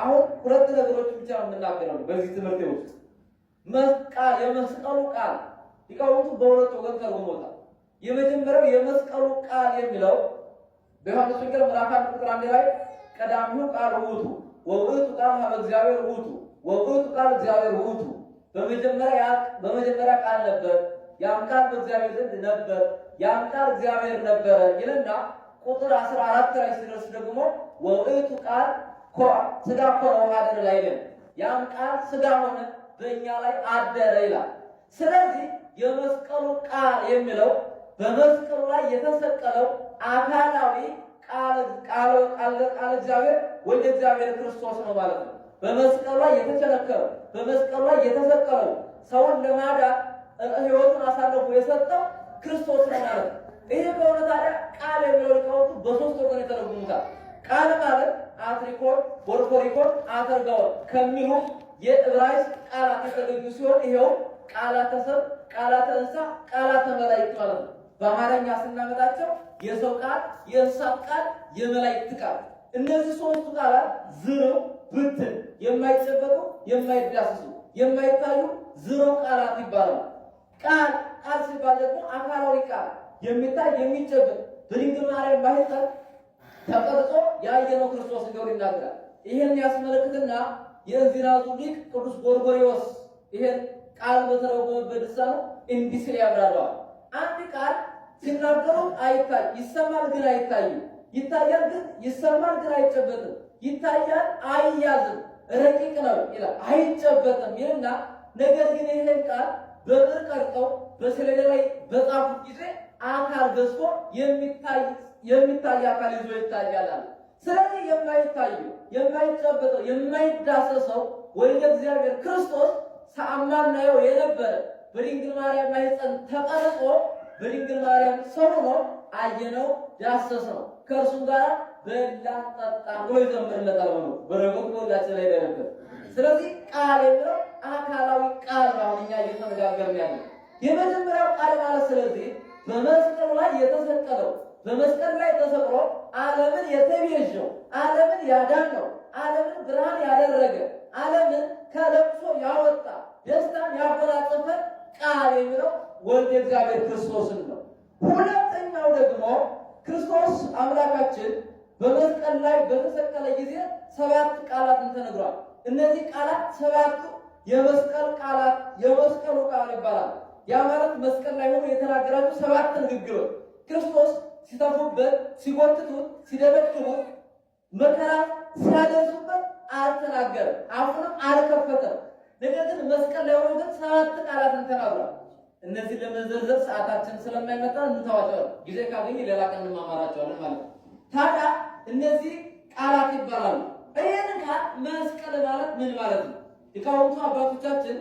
አሁን ሁለት ነገሮች ብቻ ነው የምናገረው በዚህ ትምህርት ውስጥ መስቃል የመስቀሉ ቃል ሊቃውንቱ በሁለት ወገን ተርጉሞታል። የመጀመሪያው የመስቀሉ ቃል የሚለው በዮሐንስ ወንጌል ምዕራፍ አንድ ቁጥር አንድ ላይ ቀዳሚው ቃል ውእቱ ወውእቱ ቃል ኀበ እግዚአብሔር ውእቱ ወውእቱ ቃል እግዚአብሔር ውእቱ፣ በመጀመሪያ ቃል ነበር፣ ያም ቃል በእግዚአብሔር ዘንድ ነበር፣ ያም ቃል እግዚአብሔር ነበረ ይልና ቁጥር አስራ አራት ላይ ሲደርስ ደግሞ ወውእቱ ቃል ስጋ እኮ ነው ማደር አይልም። ያም ቃል ስጋ ሆነ በእኛ ላይ አደረ ይላል። ስለዚህ የመስቀሉ ቃል የሚለው በመስቀሉ ላይ የተሰቀለው አካላዊ ቃል ቃል ቃል ቃል እግዚአብሔር ወልደ እግዚአብሔር ክርስቶስ ነው ማለት ነው። በመስቀሉ ላይ የተቸነከረው በመስቀሉ ላይ የተሰቀለው ሰውን ለማዳን ሕይወቱን አሳልፎ የሰጠው ክርስቶስ ነው ማለት ነው። ይሄ በእውነት ታዲያ ቃል የሚለው ሊቃውንቱ በሶስት ወገን የተረጉሙታል። ቃል ማለት አትሪኮን፣ ቦርቦሪኮን፣ አተርጋውን ከሚሉ የዕብራይስጥ ቃላት የተገኙ ሲሆን ይኸው ቃላተ ሰብ፣ ቃላተ እንስሳ፣ ቃላተ መላእክት ማለት ነው። በአማርኛ ስናመጣቸው የሰው ቃል፣ የእንስሳት ቃል፣ የመላእክት ቃል። እነዚህ ሶስቱ ቃላት ዝርው፣ ብትን፣ የማይጨበጡ፣ የማይዳስሱ፣ የማይታዩ ዝርው ቃላት ይባላሉ። ቃል ቃል ሲባል ደግሞ አካላዊ ቃል የሚታይ የሚጨበጥ በድንግል ማርያም ባህል ተቀርጾ ያየነው ክርስቶስ እንደሆነ ይናገራል። ይሄን ያስመለክትና የእንዚራቱ ሊቅ ቅዱስ ጎርጎሪዎስ ይሄን ቃል በተረጎመበት ልሳኑ እንዲህ ሲል ያብራራዋል። አንድ ቃል ሲናገሩ አይታይ ይሰማል፣ ግን አይታይም። ይታያል፣ ግን ይሰማል፣ ግን አይጨበጥም። ይታያል፣ አይያዝም፣ ረቂቅ ነው ይላል፣ አይጨበጥም ይልና ነገር ግን ይሄን ቃል በብር ቀርጠው በሰሌዳ ላይ በጻፉት ጊዜ አካል ገዝቶ የሚታይ የሚታይ አካል ይዞ ይታያል። ስለዚህ የማይታዩ የማይጨበጠው የማይዳሰሰው ወልደ እግዚአብሔር ክርስቶስ ሳናየው የነበረ በድንግል ማርያም ማኅፀን ተቀርጾ በድንግል ማርያም ሰው ሆኖ አየነው፣ ዳሰሰው ከእርሱም ጋር በላ፣ ጠጣ ብሎ ይዘምርለታል። ሆኖ በረከቱ በሁላችን ላይ ነበር። ስለዚህ ቃል የሚለው አካላዊ ቃል ነው። አሁን እኛ እየተነጋገርን ያለ የመጀመሪያው ቃል ማለት ስለዚህ በመስቀሉ ላይ የተሰቀለው በመስቀል ላይ ተሰቅሎ ዓለምን የተቤዠው ዓለምን ያዳነው ዓለምን ብርሃን ያደረገ ዓለምን ከለቅሶ ያወጣ ደስታን ያበላጸፈ ቃል የሚለው ወልድ እግዚአብሔር ክርስቶስን ነው። ሁለተኛው ደግሞ ክርስቶስ አምላካችን በመስቀል ላይ በተሰቀለ ጊዜ ሰባት ቃላትን ተነግሯል። እነዚህ ቃላት ሰባቱ የመስቀል ቃላት የመስቀሉ ቃል ይባላል። ያ ማለት መስቀል ላይ ሆኖ የተናገራቸው ሰባት ንግግሮች ክርስቶስ ሲተፉበት፣ ሲጎትቱት፣ ሲደበድቡት፣ መከራ ሲያደርሱበት አልተናገረም፣ አፉንም አልከፈተም። ነገር ግን መስቀል ላይ ሆኖ ግን ሰባት ቃላትን ተናግሯል። እነዚህ ለመዘርዘር ሰዓታችን ስለማይመጣ እንተዋቸዋለን። ጊዜ ካገኝ ሌላ ቀን እንማማራቸዋለን ማለት ነው። ታዲያ እነዚህ ቃላት ይባላሉ። ይህን ቃል መስቀል ማለት ምን ማለት ነው? ሊቃውንቱ አባቶቻችን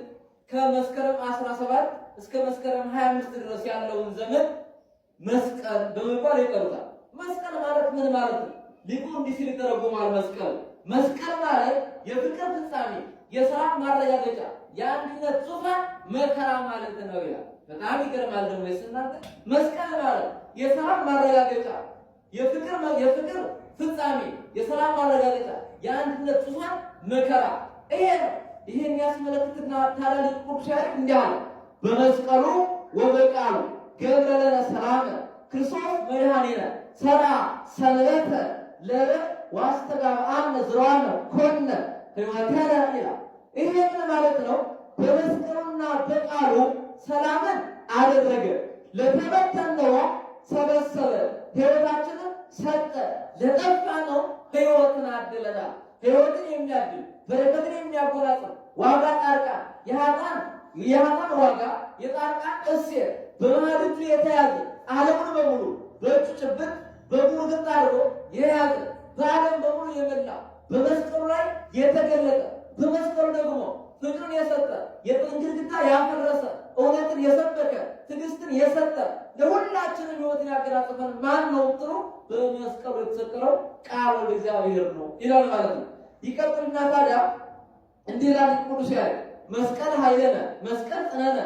ከመስከረም 17 እስከ መስከረም 25 ድረስ ያለውን ዘመን መስቀል በመባል ይጠሩታል። መስቀል ማለት ምን ማለት ነው? ሊቁ እንዲህ ሲል ይተረጉማል። መስቀል መስቀል ማለት የፍቅር ፍጻሜ፣ የሰላም ማረጋገጫ፣ የአንድነት ጽሑፋት መከራ ማለት ነው ይላል። በጣም ይገርማል። ደግሞ የስናት መስቀል ማለት የስርዓት ማረጋገጫ፣ የፍቅር የፍቅር ፍጻሜ፣ የስርዓት ማረጋገጫ፣ የአንድነት ጽሑፋት መከራ ይሄ ነው። ይሄን ያስመለክትና ታላሊቅ ቅዱስ እንዲህ አለ በመስቀሉ ወበቃሉ ገበለነ ሰላም ክርስቶስ መድኃኒነ ሰራ ሰንበተ ለዕለት ዋስተጋብአነ ዝርዋነ ኮነ ሕይወተነ ይላል። ይሄ ማለት ነው? በመስቀሉና በቃሉ ሰላምን አደረገ። ለተበተነው ሰበሰበ፣ ሕይወታችንን ሰጠ። ለጠፋነው ህይወትን አድለናል። ህይወትን የሚያድል በረከትን የሚያጎናጽፍ ዋጋ ጻድቃን የሀጣን የሀጣን ዋጋ የጻድቃን እሴት በባህል እጁ የተያዘ ዓለሙን በሙሉ በእጁ ጭብጥ በሙሉ ግጥ አድርጎ የያዘ በዓለም በሙሉ የመላ በመስቀሉ ላይ የተገለጠ በመስቀሉ ደግሞ ፍቅርን የሰጠ የጥልን ግድግዳ ያፈረሰ እውነትን የሰበከ ትዕግስትን የሰጠ ለሁላችንም ሕይወትን ያገላጽፈን ማን ነው ጥሩ? በመስቀሉ የተሰቀለው ቃሉ እግዚአብሔር ነው ይላል ማለት ነው። ይቀጥልና ታዲያ እንዲህ ይላል ቅዱስ ያለ መስቀል ኃይለነ መስቀል ጽነነ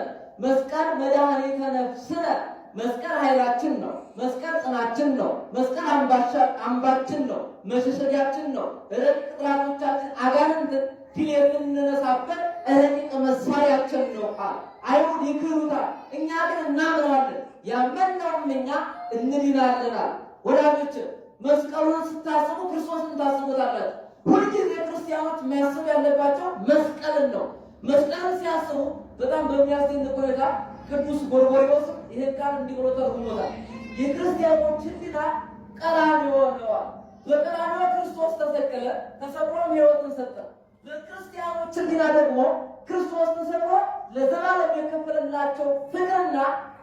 መስቀል መድኃኒተ ነፍስነ መስቀል ኃይላችን ነው። መስቀል ጽናችን ነው። መስቀል አምባችን ነው፣ መሸሸጊያችን ነው። ረቂቅ ጠላቶቻችን አጋንንትን ድል የምንነሳበት ረቂቅ መሳሪያችን ነው። ቃል አይሁድ ይክሩታል፣ እኛ ግን እናምናለን። ያመንነውም እኛ እንድንላለናል። ወዳጆች መስቀሉን ስታስቡ ክርስቶስን ታስቡታላችሁ። ሁልጊዜ ክርስቲያኖች ማያስቡ ያለባቸው መስቀልን ነው። መስቀልን ሲያስቡ በጣም በሚያስደንቅ ሁኔታ ቅዱስ ጎርጎርዮስ ይሄን ቃል እንዲህ ብሎ ተርጉሞታል። የክርስቲያኖች ሕሊና ቀራንዮ ነዋል። በቀራንዮ ክርስቶስ ተሰቀለ፣ ተሰቅሎም ሕይወትን ሰጠ። በክርስቲያኖች ሕሊና ደግሞ ክርስቶስ ተሰቅሎ ለዘላለም የከፈለላቸው ፍቅርና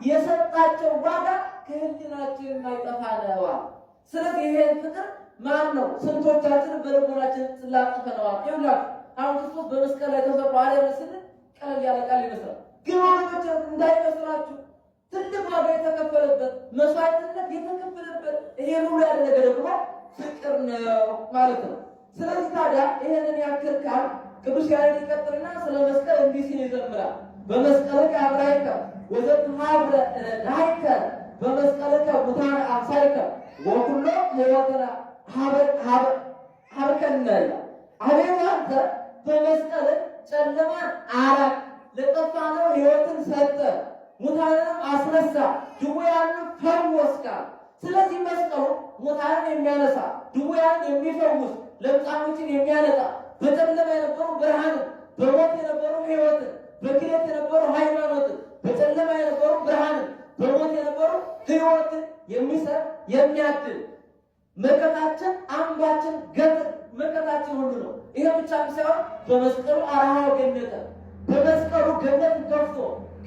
የሰጣቸው ዋጋ ከሕሊናችን የማይጠፋ ነዋል። ስለዚህ ይሄን ፍቅር ማን ነው? ስንቶቻችን በልቦናችን ስላጥፈነዋል? ይሁላችሁ አሁን ክርስቶስ በመስቀል ላይ ተሰቅሎ አለ ስንል ቀለል ያለ ቃል ይመስላል፣ ግን ወንዶች እንዳይመስላችሁ ትልቅ ዋጋ የተከፈለበት መስዋዕትነት የተከፈለበት ይሄ ነው ያለ ነገር ደግሞ ፍቅር ነው ማለት ነው። ስለዚህ ታዲያ ይህንን ያክል ቃል ቅዱስ ያሬድ ይቀጥልና ስለ መስቀል እንዲህ ሲል ይዘምራል። በመስቀልከ አብራይከ ወዘትማብረ ረዳይከ በመስቀልከ ሙታነ አብሳይከ ወኩሎ ሕይወትና ሀበከነ አቤቱ አንተ በመስቀል ጨለማ አራቅ ነው ህይወትን ሰጠ፣ ሙታንንም አስነሳ፣ ድውያንን ፈወሰ። ስለዚህ መስቀሉ ሙታንን የሚያነሳ ድውያንን የሚፈውስ ለምጻሞችን የሚያነጣ በጨለማ የነበሩ ብርሃንን በሞት የነበሩ ህይወትን በክህደት የነበሩ ሃይማኖትን በጨለማ የነበሩ ብርሃንን በሞት የነበሩ ህይወትን የሚሰጥ የሚያድል መከታችን አምባችን ገጥ መቀጣችን ሁሉ ነው። ይሄ ብቻ ሳይሆን በመስቀሉ አርሃ ገነተ በመስቀሉ ገነት ከፍቶ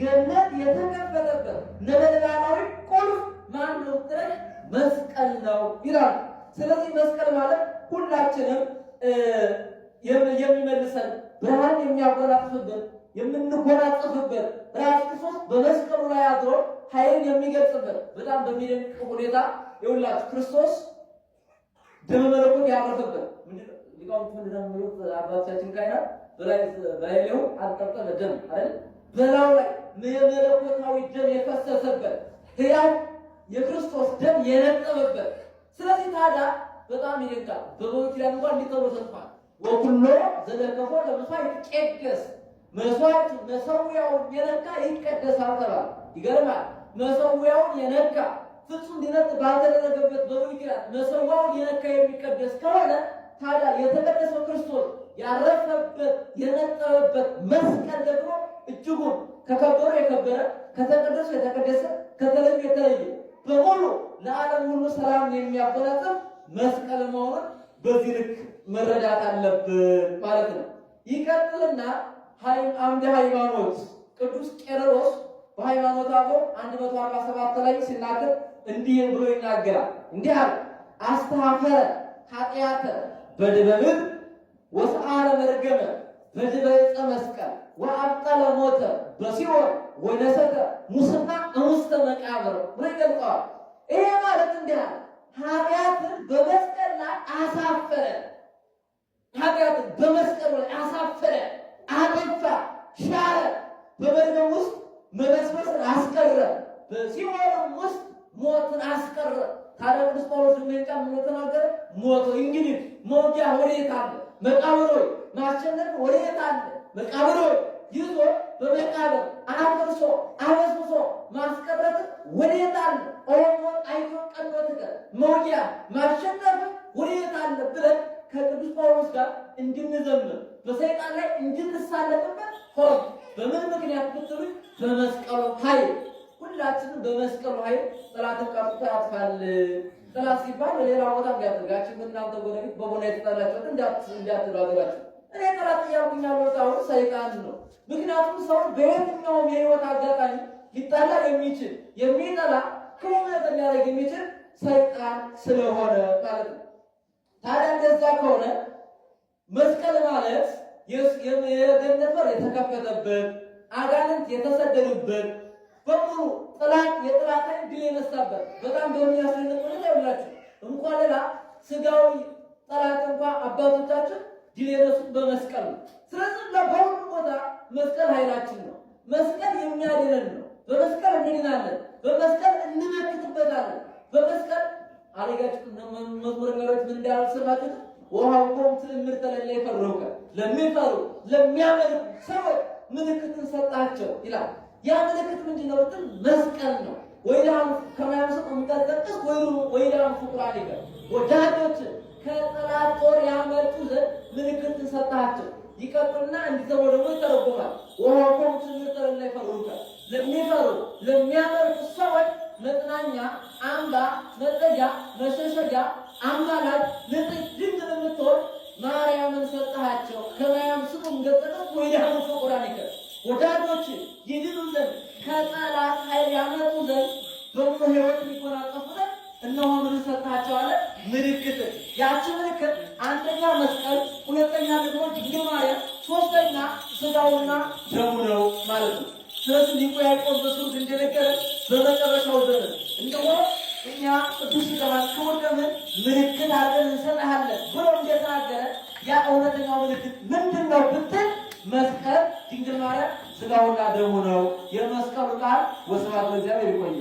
ገነት የተከፈተበት ነበልባላዊ ቁልፍ ማን ነው? መስቀል ነው ይላል። ስለዚህ መስቀል ማለት ሁላችንም የሚመልሰን ብርሃን የሚያጎናጽፍበት የምንጎናጽፍበት ራስ ክርስቶስ በመስቀሉ ላይ አድሮ ኃይልን የሚገልጽበት በጣም በሚደንቅ ሁኔታ የሁላችሁ ክርስቶስ ደመ መለኮት ያረፈበት ሊቃውንት እንደዛ የሚሉት አባቶቻችን በላይ በላይሌው አልጠጠመ ደም አይደል በላው ላይ የመለኮታዊ ደም የፈሰሰበት ህያው የክርስቶስ ደም የነጠበበት። ስለዚህ ታዲያ በጣም ይደንቃል። በብሉይ ኪዳን እንኳን እንዲተብሎ ተጽፏል። ወኩሎ ዘለከፎ ለመስዋዕት ይትቄደስ መስዋዕት መሰዊያውን የነካ ይቀደሳል ተባለ። ይገርማል። መሰዊያውን የነካ ፍጹም ድነት ባልተደረገበት በምክንያት መሰዋው የነካ የሚቀደስ ከሆነ ታዲያ የተቀደሰው ክርስቶስ ያረፈበት የነጠበበት መስቀል ደግሞ እጅጉን ከከበሩ የከበረ ከተቀደሱ የተቀደሰ ከተለዩ የተለየ በሙሉ ለዓለም ሁሉ ሰላም የሚያጎናጽፍ መስቀል መሆኑን በዚህ ልክ መረዳት አለብን ማለት ነው። ይቀጥልና አምደ ሃይማኖት ቅዱስ ቄርሎስ በሃይማኖት አበው 147 ላይ ሲናገር እንዲህ ብሎ ይናገራል። እንዲህ አለ አስተሐፈረ ኃጢአተ በድበብብ ወሰአረ መርገመ በድበ ዕፀ መስቀል ወአብጠለ ሞተ በሲኦል ወነሰተ ሙስና እውስተ መቃብር ብሎ ይገልጸዋል። ይሄ ማለት እንዲህ አለ ኃጢአትን በመስቀል ላይ አሳፈረ። ኃጢአትን በመስቀሉ ላይ አሳፈረ፣ አጠፋ፣ ሻረ በበድበብ ውስጥ መበስበስን አስቀረ፣ በሲኦልም ውስጥ ሞትን አስቀረ። ታዲያ ቅዱስ ጳውሎስ የሚቀም ነው ተናገረ። ሞት እንግዲህ መውጊያ ወዴት አለ? መቃብር ሆይ ማሸነፍ ወዴት አለ? መቃብር ሆይ ይዞ በመቃብር አፍርሶ አበስብሶ ማስቀረት ወዴት አለ? ኦሞ አይቶ ቀኖት መውጊያ ማሸነፍ ወዴት አለ ብለን ከቅዱስ ጳውሎስ ጋር እንድንዘምር በሰይጣን ላይ እንድንሳለጥበት ሆን በምን ምክንያት ብትሉ በመስቀሉ ኃይል ሁላችንም በመስቀሉ ኃይል ጠላትን ቀርቶ ያጥፋል። ጠላት ሲባል በሌላ ቦታ እንዲያደርጋችሁ እናንተ ወደፊት በሆነ የተጠላችሁት እንዳትሉ አድርጋችሁ እኔ ጠላት እያልኩኝ ያለሁት አሁን ሰይጣን ነው። ምክንያቱም ሰው በየትኛውም የህይወት አጋጣሚ ሊጠላ የሚችል የሚጠላ ክፉ ነገር ሊያደርግ የሚችል ሰይጣን ስለሆነ ማለት ነው። ታዲያ እንደዛ ከሆነ መስቀል ማለት የገነት በር የተከፈተበት አጋንንት የተሰደዱበት በሙሉ ጥላት የጥላት ላይ ድል የነሳበት በጣም በሚያስደንቅ ሁኔታ ይላችሁ እንኳን ሌላ ስጋዊ ጠላት እንኳ አባቶቻችን ድል የነሱት በመስቀል ነው። ስለዚህ በሁሉ ቦታ መስቀል ኃይላችን ነው። መስቀል የሚያድነን ነው። በመስቀል እንድናለን። በመስቀል እንመክትበታለን። በመስቀል አደጋችሁ መዝሙረ ዳዊት ምን እንዳለ ወሃብኩም ትዕምርተ ለእለይፈርሁከ ለሚፈሩ ለሚያመልኩ ሰዎች ምልክትን ሰጣቸው ይላል። ያ ምልክት ምንድን ነው? ብትል መስቀል ነው። ወይዳም ከማያምስቁ ምቀጠቅስ ወይዳም ፉቁራን ይገ ወዳጆች ከጠላት ጦር ያመጡ ዘንድ ምልክትን ሰጣቸው። ይቀጥልና እንዲዘው ደግሞ ይተረጎማል። ወሃብኩም ትዕምርተ ለእለይፈርሁከ ለሚፈሩ ለሚያመልኩ ሰዎች መጥናኛ፣ አምባ፣ መጠጃ፣ መሸሸጊያ፣ አማላጅ ልጥ ኪዳንን ሰጠሃቸው ከማያምስቱም ገጠጠው ወዲያኑ ፍቁራኒከ ወዳጆች ይድኑ ዘንድ ከጠላት ኃይል ያመጡ ዘንድ በሙሉ ሕይወት ሊቆናጠፉ ዘንድ እነሆ ምን ሰጥሃቸው አለ ምልክት። ያቺ ምልክት አንደኛ መስቀል፣ ሁለተኛ ደግሞ ድንግል ማርያም፣ ሶስተኛ ስጋውና ደሙ ነው ማለት ነው። ስለዚህ ሊቁ ያዕቆብ በሱርት እንደነገረ በመጨረሻው ዘመን እንደሆ እኛ ቅዱስ ሥጋዋን ከወደምን ምልክት አድርገን እንሰጥሃለን ብሎ እንደተናገረ ያ እውነተኛው ምልክት ምንድን ነው ብትል መስቀል ድንግል ማርያም ስጋውና ደሙ ነው። የመስቀሉ ቃል ወስብሐት ለእግዚአብሔር። ይቆይ።